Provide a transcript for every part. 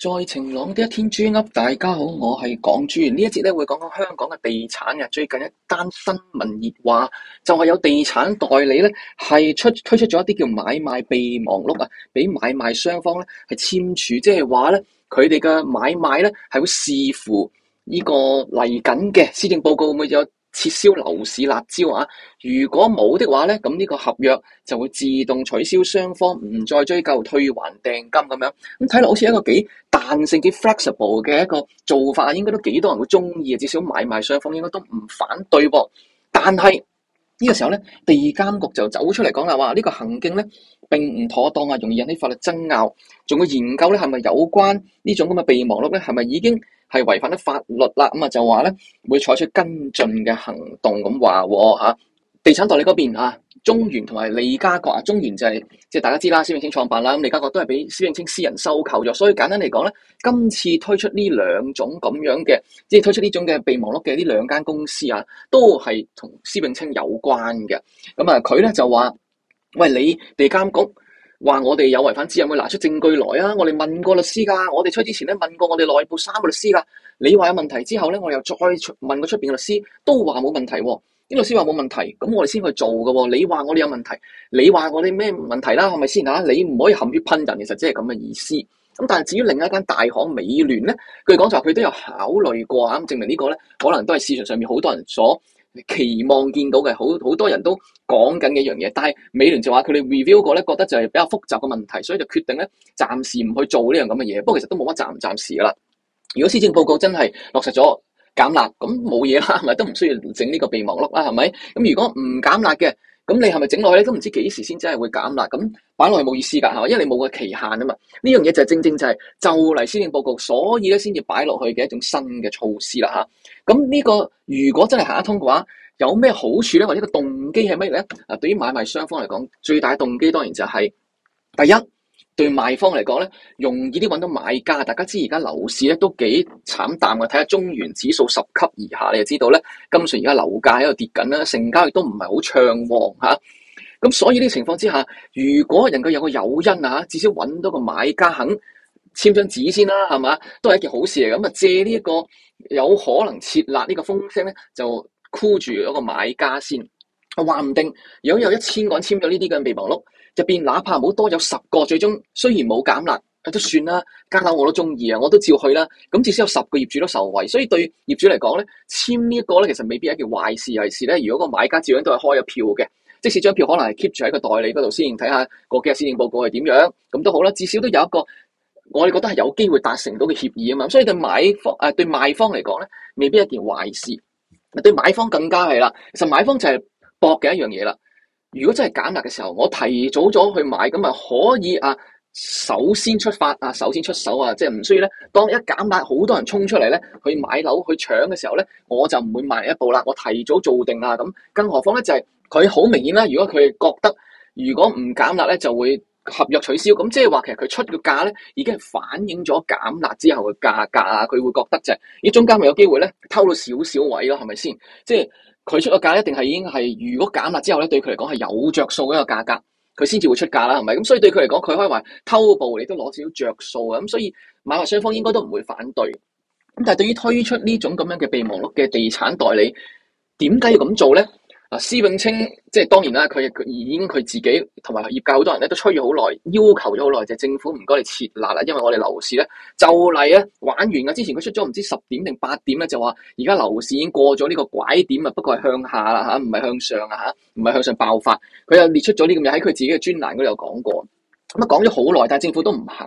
在晴朗的一天，豬噏，大家好，我係港豬。一節呢一節咧會講講香港嘅地產嘅最近一單新聞熱話，就係、是、有地產代理咧係出推出咗一啲叫買賣備忘錄啊，俾買賣雙方咧係簽署，即係話咧佢哋嘅買賣咧係會視乎呢個嚟緊嘅施政報告會唔會有？撤銷樓市辣招啊！如果冇嘅話咧，咁呢個合約就會自動取消，雙方唔再追究退還訂金咁樣。咁睇落好似一個幾彈性、幾 flexible 嘅一個做法，應該都幾多人會中意啊！至少買賣雙方應該都唔反對噃。但係呢個時候咧，地監局就走出嚟講啦，話呢個行徑咧並唔妥當啊，容易引起法律爭拗，仲會研究咧係咪有關呢種咁嘅備忘錄咧，係咪已經？係違反咗法律啦，咁啊就話咧會採取跟進嘅行動咁話喎。地產代理嗰邊啊，中原同埋利嘉閣，中原就係即係大家知啦，施永青創辦啦，咁利嘉閣都係俾施永青私人收購咗。所以簡單嚟講咧，今次推出呢兩種咁樣嘅，即係推出呢種嘅備忘錄嘅呢兩間公司啊，都係同施永青有關嘅。咁啊，佢咧就話：喂，你地監局。」話我哋有違反指引，會拿出證據來啊！我哋問過律師噶，我哋出之前咧問過我哋內部三個律師噶，你話有問題之後咧，我又再問過出邊嘅律師，都話冇問題喎。呢律師話冇問題，咁我哋先去做噶喎。你話我哋有問題，你話我哋咩問題啦啊？係咪先吓啊？你唔可以含血噴人，其實即係咁嘅意思。咁但係至於另一間大行美聯咧，據講就話佢都有考慮過啊，證明呢個咧可能都係市場上面好多人所。期望見到嘅，好好多人都講緊一樣嘢，但係美聯就話佢哋 review 過咧，覺得就係比較複雜嘅問題，所以就決定咧暫時唔去做呢樣咁嘅嘢。不過其實都冇乜暫唔暫時噶啦。如果施政報告真係落實咗減辣，咁冇嘢啦，係咪？咪都唔需要整呢個備忘錄啦，係咪？咁如果唔減辣嘅，咁你係咪整落去咧都唔知幾時先真係會減啦？咁擺落去冇意思噶吓，因為你冇個期限啊嘛。呢樣嘢就正正就係就嚟施政報告，所以咧先至擺落去嘅一種新嘅措施啦吓。咁呢個如果真係行得通嘅話，有咩好處咧？或者個動機係咩嘢咧？啊，對於買賣雙方嚟講，最大動機當然就係第一。對賣方嚟講咧，容易啲揾到買家。大家知而家樓市咧都幾慘淡嘅，睇下中原指數十級以下，你就知道咧。金船而家樓價喺度跌緊啦，成交亦都唔係好暢旺嚇。咁、啊、所以呢情況之下，如果能夠有個誘因啊，至少揾到個買家肯簽張紙先啦，係嘛？都係一件好事嚟。咁啊借呢、這、一個有可能撤辣呢個風聲咧，就箍住嗰個買家先。話唔定，如果有一千個人簽咗呢啲嘅備忘錄，入邊哪怕冇多有十個，最終雖然冇減辣，都算啦。加樓我都中意啊，我都照去啦。咁至少有十個業主都受惠，所以對業主嚟講咧，簽呢一個咧，其實未必係一件壞事，尤其是咧，如果個買家照樣都係開咗票嘅。即使張票可能係 keep 住喺個代理嗰度，先睇下個今日施政報告係點樣，咁都好啦。至少都有一個，我哋覺得係有機會達成到嘅協議啊嘛。所以對買方誒，對賣方嚟講咧，未必一件壞事。對買方更加係啦，其實買方就係、是。搏嘅一樣嘢啦。如果真係減辣嘅時候，我提早咗去買咁啊，可以啊，首先出發啊，首先出手啊，即係唔需要咧。當一減辣，好多人衝出嚟咧，去買樓去搶嘅時候咧，我就唔會慢一步啦。我提早做定啦咁。更何況咧，就係佢好明顯啦。如果佢覺得如果唔減辣咧，就會合約取消。咁即係話，其實佢出嘅價咧，已經係反映咗減辣之後嘅價格啊。佢會覺得就係、是，呢中間咪有機會咧，偷到少少，少位咯，係咪先？即係。佢出個價一定係已經係，如果減辣之後咧，對佢嚟講係有著數嘅一個價格，佢先至會出價啦，係咪？咁所以對佢嚟講，佢可以話偷步，你都攞少着數啊！咁所以買賣雙方應該都唔會反對。咁但係對於推出呢種咁樣嘅備忘錄嘅地產代理，點解要咁做呢？嗱，施永青，即係當然啦，佢佢已經佢自己同埋業界好多人咧都催咗好耐，要求咗好耐，就政府唔該你撤辣啦，因為我哋樓市咧就嚟咧玩完啦。之前佢出咗唔知十點定八點咧，就話而家樓市已經過咗呢個拐點啊，不過係向下啦嚇，唔係向上啊嚇，唔係向上爆發。佢又列出咗呢咁嘢喺佢自己嘅專欄嗰度有講過，咁啊講咗好耐，但政府都唔肯，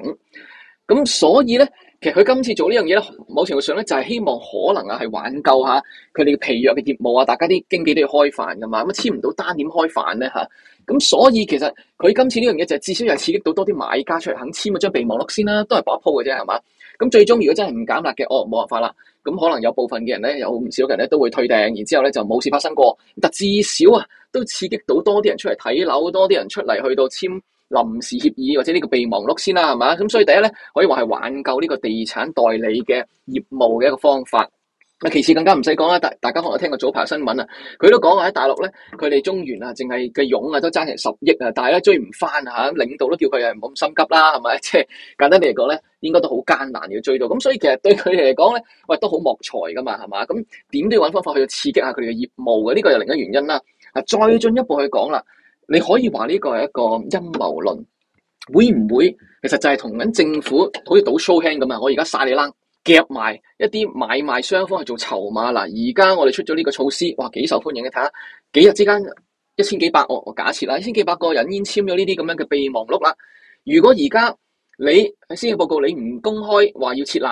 咁所以咧。其實佢今次做呢樣嘢咧，某程度上咧就係希望可能啊，係挽救下佢哋嘅疲弱嘅業務啊。大家啲經紀都要開飯㗎嘛，咁啊簽唔到單點開飯咧嚇。咁、啊、所以其實佢今次呢樣嘢就係至少又係刺激到多啲買家出嚟肯簽一張備忘錄先啦、啊，都係搏鋪嘅啫係嘛。咁最終如果真係唔減辣嘅，哦冇辦法啦。咁可能有部分嘅人咧，有唔少人咧都會退訂，然之後咧就冇事發生過。但至少啊，都刺激到多啲人出嚟睇樓，多啲人出嚟去到簽臨時協議或者呢個備忘錄先啦，係嘛？咁所以第一咧，可以話係挽救呢個地產代理嘅業務嘅一個方法。嗱，其次更加唔使講啦，大大家可能聽過早排新聞啊，佢都講話喺大陸咧，佢哋中原啊，淨係個佣啊都爭成十億啊，但係咧追唔翻嚇，領導都叫佢唔好咁心急啦，啊，係咪？即係簡單嚟講咧，應該都好艱難要追到。咁所以其實對佢哋嚟講咧，喂都好莫才噶嘛，係嘛？咁點都要揾方法去刺激下佢哋嘅業務嘅，呢個又另一原因啦。啊，再進一步去講啦。你可以話呢個係一個陰謀論，會唔會其實就係同緊政府好似賭 show hand 咁啊？我而家晒你冷夾埋一啲買賣雙方去做籌碼。嗱，而家我哋出咗呢個措施，哇幾受歡迎嘅睇下，幾日之間一千幾百我，我假設啦，一千幾百個人已經簽簽咗呢啲咁樣嘅備忘錄啦。如果而家你喺施政報告你唔公開話要設立，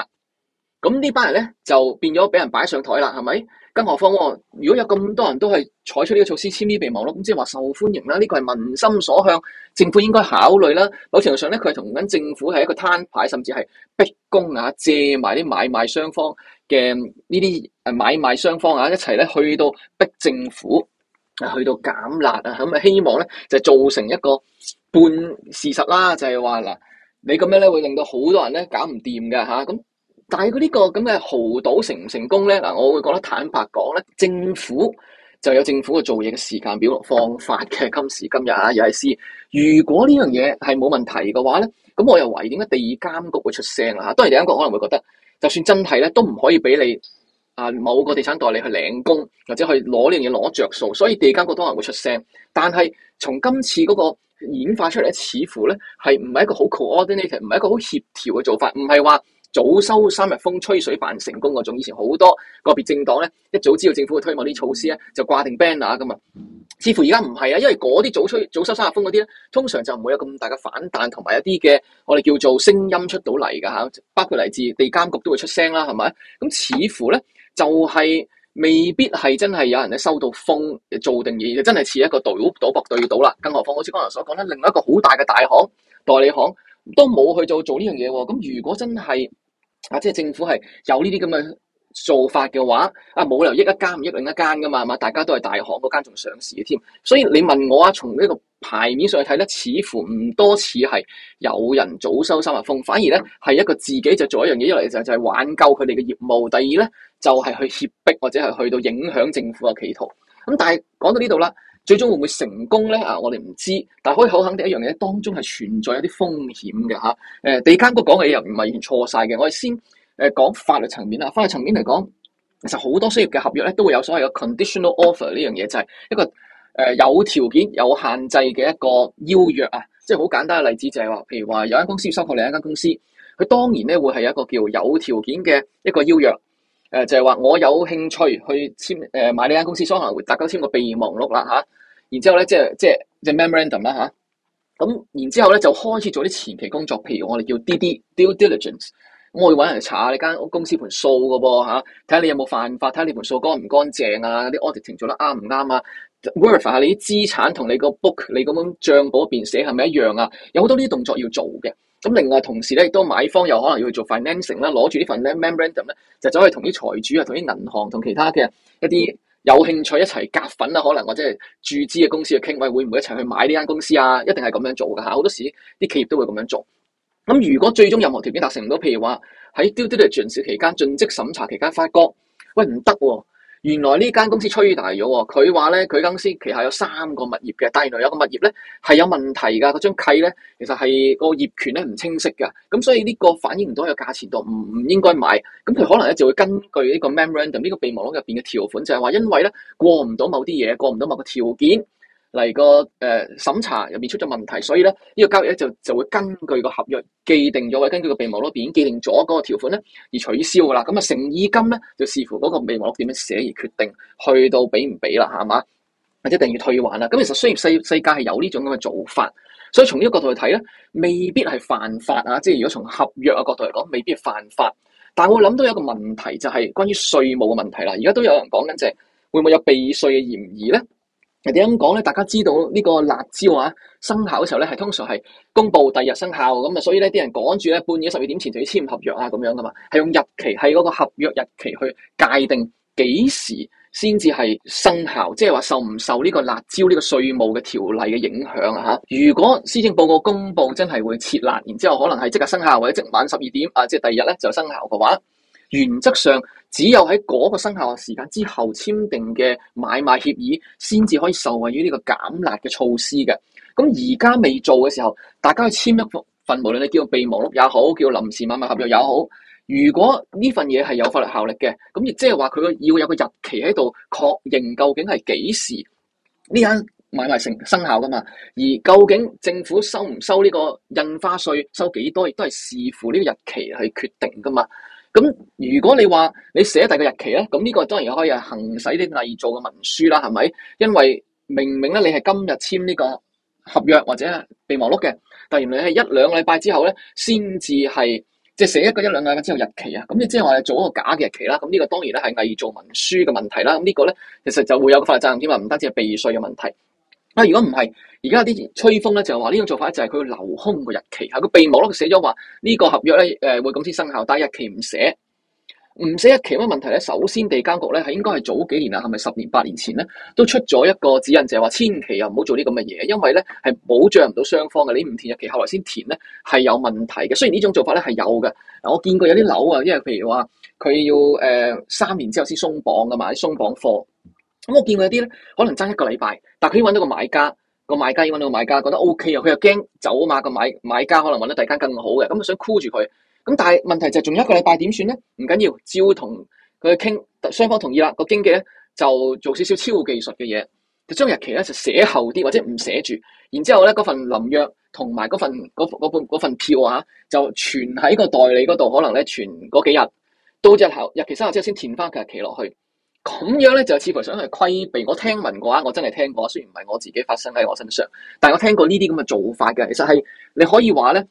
咁呢班人咧就變咗俾人擺上台啦，係咪？更何況喎，如果有咁多人都係採取呢個措施，遷於被亡咯，咁即係話受歡迎啦。呢個係民心所向，政府應該考慮啦。某程度上咧，佢同緊政府係一個攤牌，甚至係逼供啊，借埋啲買賣雙方嘅呢啲誒買賣雙方啊，一齊咧去到逼政府去到減辣啊，咁啊希望咧就造成一個半事實啦，就係話嗱，你咁樣咧會令到好多人咧搞唔掂㗎吓。咁。但係佢呢個咁嘅豪賭成唔成功咧？嗱，我會覺得坦白講咧，政府就有政府嘅做嘢嘅時間表、方法嘅今時今日啊，尤其係。如果呢樣嘢係冇問題嘅話咧，咁我又懷疑點解地監局會出聲啦？嚇，當然地監局可能會覺得，就算真係咧，都唔可以俾你啊某個地產代理去領工，或者去攞呢樣嘢攞着數，所以地監局都可能會出聲。但係從今次嗰個演化出嚟，似乎咧係唔係一個好 coordinated，唔係一個好協調嘅做法，唔係話。早收三日風吹水辦成功嗰種，以前好多個別政黨咧，一早知道政府會推某啲措施咧，就掛定 banner 咁嘛。似乎而家唔係啊，因為嗰啲早吹早收三日風嗰啲咧，通常就唔會有咁大嘅反彈，同埋一啲嘅我哋叫做聲音出到嚟㗎嚇，包括嚟自地監局都會出聲啦，係咪？咁似乎咧就係、是、未必係真係有人咧收到風做定嘢，真係似一個賭賭博對賭啦。更何況好似剛才所講咧，另外一個好大嘅大行代理行。都冇去做做呢樣嘢喎，咁如果真係啊，即係政府係有呢啲咁嘅做法嘅話，啊冇理由一間唔益另一間噶嘛，嘛大家都係大行，嗰間仲上市嘅添，所以你問我啊，從呢個牌面上嚟睇咧，似乎唔多似係有人早收三日風，反而咧係一個自己就做一樣嘢，一嚟就就係挽救佢哋嘅業務，第二咧就係、是、去脅迫或者係去到影響政府嘅企圖。咁但係講到呢度啦。最終會唔會成功咧？啊，我哋唔知，但係可以好肯定一樣嘢，當中係存在一啲風險嘅嚇。誒地監局講嘅嘢又唔係完全錯晒嘅。我哋先誒講法律層面啊。法律層面嚟講，其實好多商業嘅合約咧都會有所謂嘅 conditional offer 呢樣嘢，就係一個誒有條件有限制嘅一個邀約啊。即係好簡單嘅例子就係話，譬如話有間公司要收購另一間公司，佢當然咧會係一個叫有條件嘅一個邀約。誒就係話我有興趣去簽誒買呢間公司，雙方會大家簽個備忘錄啦嚇。啊然之後咧，即係即係隻 memorandum 啦、啊、吓，咁然之後咧，就開始做啲前期工作，譬如我哋叫 d 啲 due diligence。咁 Dil、嗯、我要揾人查下你間屋公司盤數嘅噃吓，睇、啊、下你有冇犯法，睇下你盤數乾唔乾淨啊，啲 auditing 做得啱唔啱啊，verify 下、啊、你啲資產同你個 book 你咁樣帳簿嗰邊寫係咪一樣啊。有好多呢啲動作要做嘅。咁、嗯、另外同時咧，亦都買方有可能要去做 financing 啦，攞住呢份 memorandum 咧，就走去同啲財主啊、同啲銀行、同其他嘅一啲。有興趣一齊夾粉啦，可能或者係注資嘅公司去傾，喂，會唔會一齊去買呢間公司啊？一定係咁樣做嘅嚇，好多時啲企業都會咁樣做。咁如果最終任何條件達成唔到，譬如話喺啲啲嘅上市期間、盡職審查期間，發覺喂，唔得喎。原來呢間公司吹大咗喎，佢話咧佢公司旗下有三個物業嘅，但係原來有個物業咧係有問題㗎，嗰張契咧其實係個業權咧唔清晰㗎，咁所以呢個反映唔到嘅價錢度唔唔應該買，咁佢可能咧就會根據呢個 memorandum 呢個備忘錄入邊嘅條款，就係話因為咧過唔到某啲嘢，過唔到某個條件。嚟個誒、呃、審查入面出咗問題，所以咧呢、呢個交易就就會根據個合約既定咗嘅，或根據個備忘錄已經既定咗嗰個條款咧而取消嘅啦。咁啊，誠意金咧就視、是、乎嗰個備忘錄點樣寫而決定去到俾唔俾啦，係嘛？或者定要退還啦。咁其實雖然世世界係有呢種咁嘅做法，所以從呢個角度去睇咧，未必係犯法啊。即係如果從合約嘅角度嚟講，未必係犯法。但我諗到有一個問題就係關於稅務嘅問題啦。而家都有人講緊，就係會唔會有避稅嘅嫌疑咧？嗱點樣講咧，大家知道呢個辣椒啊生效嘅時候咧，係通常係公布第日生效咁啊，所以咧啲人趕住咧半夜十二點前就要簽合約啊咁樣噶嘛，係用日期，係嗰個合約日期去界定幾時先至係生效，即係話受唔受呢個辣椒呢個稅務嘅條例嘅影響啊嚇。如果施政報告公布真係會設立，然之後可能係即刻生效，或者即晚十二點啊，即係第二日咧就生效嘅話，原則上。只有喺嗰個生效時間之後簽訂嘅買賣協議，先至可以受惠於呢個減辣嘅措施嘅。咁而家未做嘅時候，大家去簽一份無論你叫個備忘錄也好，叫臨時買賣合約也好，如果呢份嘢係有法律效力嘅，咁亦即係話佢要有個日期喺度確認究竟係幾時呢間買賣成生效噶嘛？而究竟政府收唔收呢個印花稅，收幾多，亦都係視乎呢個日期去決定噶嘛？咁如果你話你寫第個日期咧，咁呢個當然可以係行使啲偽造嘅文書啦，係咪？因為明明咧你係今日簽呢個合約或者備忘錄嘅，但原來係一兩個禮拜之後咧先至係即係寫一個一兩個禮拜之後日期啊！咁你即係話做一個假嘅日期啦，咁呢個當然咧係偽造文書嘅問題啦。咁呢個咧其實就會有個法律責任添嘛，唔單止係避稅嘅問題。啊！如果唔係，而家啲吹風咧就係話呢種做法就係佢留空個日期嚇，佢備忘咯，寫咗話呢個合約咧誒會咁先生效，但係日期唔寫，唔寫日期乜問題咧？首先地監局咧係應該係早幾年啊，係咪十年八年前咧都出咗一個指引，就係話千祈呀唔好做呢咁嘅嘢，因為咧係保障唔到雙方嘅，你唔填日期，後來先填咧係有問題嘅。雖然呢種做法咧係有嘅，我見過有啲樓啊，因為譬如話佢要誒三年之後先鬆綁㗎嘛，啲鬆綁貨。咁我見過有啲咧，可能爭一個禮拜，但佢已揾到個買家，個買家要揾到個買家，覺得 O K 啊，佢又驚走啊嘛，個買買家可能揾到第間更好嘅，咁、嗯、就想箍住佢。咁但係問題就係、是、仲有一個禮拜點算咧？唔緊要，照同佢傾，雙方同意啦。個經紀咧就做少少超技術嘅嘢，就將日期咧就寫後啲，或者唔寫住。然之後咧嗰份臨約同埋嗰份份份票啊，就存喺個代理嗰度，可能咧存嗰幾日，到日後日期生效之後先填翻佢日期落去。咁樣咧就似乎想係規避。我聽聞嘅話，我真係聽過。雖然唔係我自己發生喺我身上，但係我聽過呢啲咁嘅做法嘅。其實係你可以話咧，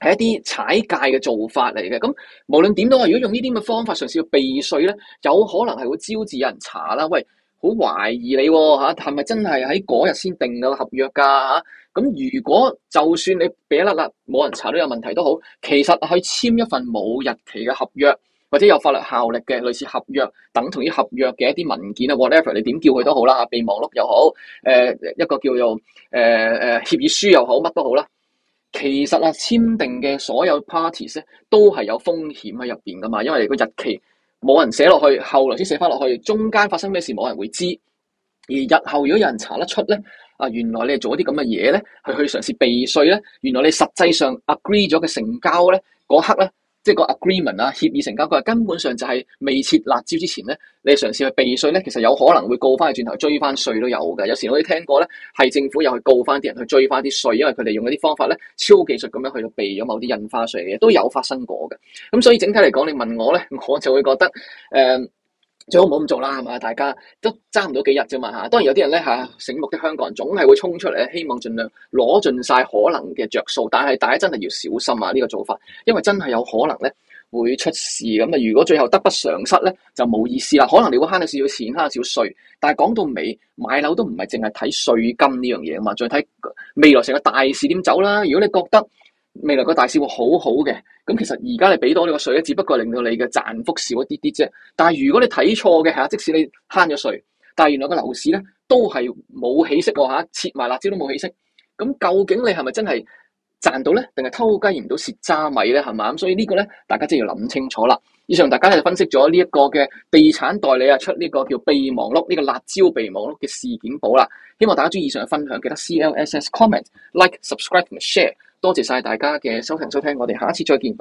係一啲踩界嘅做法嚟嘅。咁無論點都話，如果用呢啲咁嘅方法嘗試去避稅咧，有可能係會招致有人查啦。喂，好懷疑你吓，係咪真係喺嗰日先定咗合約噶吓？咁如果就算你俾甩啦，冇人查都有問題都好。其實去簽一份冇日期嘅合約。或者有法律效力嘅，類似合約等同於合約嘅一啲文件啊，whatever 你點叫佢都好啦，嚇備忘錄又好，誒、呃、一個叫做誒誒、呃、協議書又好，乜都好啦。其實啊，簽訂嘅所有 parties 咧，都係有風險喺入邊噶嘛，因為個日期冇人寫落去，後來先寫翻落去，中間發生咩事冇人會知。而日後如果有人查得出咧，啊原來你係做一啲咁嘅嘢咧，去去嘗試避稅咧，原來你實際上 agree 咗嘅成交咧，嗰刻咧。即係個 agreement 啊，協議成交，佢話根本上就係未撤辣招之前咧，你嘗試去避稅咧，其實有可能會告翻佢轉頭追翻稅都有嘅。有時我都聽過咧，係政府又去告翻啲人去追翻啲稅，因為佢哋用一啲方法咧，超技術咁樣去到避咗某啲印花稅嘅，都有發生過嘅。咁所以整體嚟講，你問我咧，我就會覺得誒。呃最好冇咁做啦，係嘛？大家都爭唔到幾日啫嘛嚇。當然有啲人咧嚇、啊，醒目的香港人總係會衝出嚟，希望儘量攞盡晒可能嘅着數。但係大家真係要小心啊！呢、呢個做法，因為真係有可能咧會出事咁啊。如果最後得不償失咧，就冇意思啦。可能你會慳得少少錢，慳得少稅，但係講到尾買樓都唔係淨係睇稅金呢樣嘢啊嘛，仲係睇未來成個大市點走啦。如果你覺得，未來個大市會好好嘅，咁其實而家你俾到你個稅咧，只不過令到你嘅賺幅少一啲啲啫。但係如果你睇錯嘅係即使你慳咗稅，但係原來個樓市咧都係冇起色喎嚇，切埋辣椒都冇起色。咁、嗯、究竟你係咪真係賺到咧，定係偷雞唔到蝕渣米咧？係嘛咁，所以個呢個咧大家真係要諗清楚啦。以上大家就分析咗呢一個嘅地產代理啊出呢個叫備忘錄，呢、這個辣椒備忘錄嘅事件簿啦。希望大家中意以上嘅分享，記得 c l s s comment like subscribe 同 share。多謝晒大家嘅收聽收聽，我哋下一次再見。